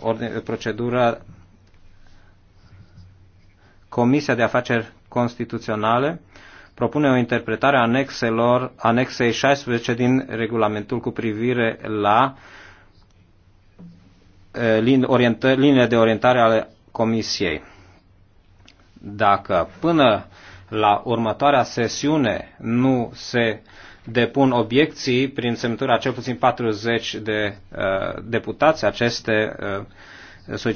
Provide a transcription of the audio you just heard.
ordine, procedura Comisia de Afaceri Constituționale propune o interpretare a anexelor, anexei 16 din regulamentul cu privire la liniile de orientare ale Comisiei. Dacă până la următoarea sesiune nu se depun obiecții prin semnătura cel puțin 40 de uh, deputați aceste uh, solicitări.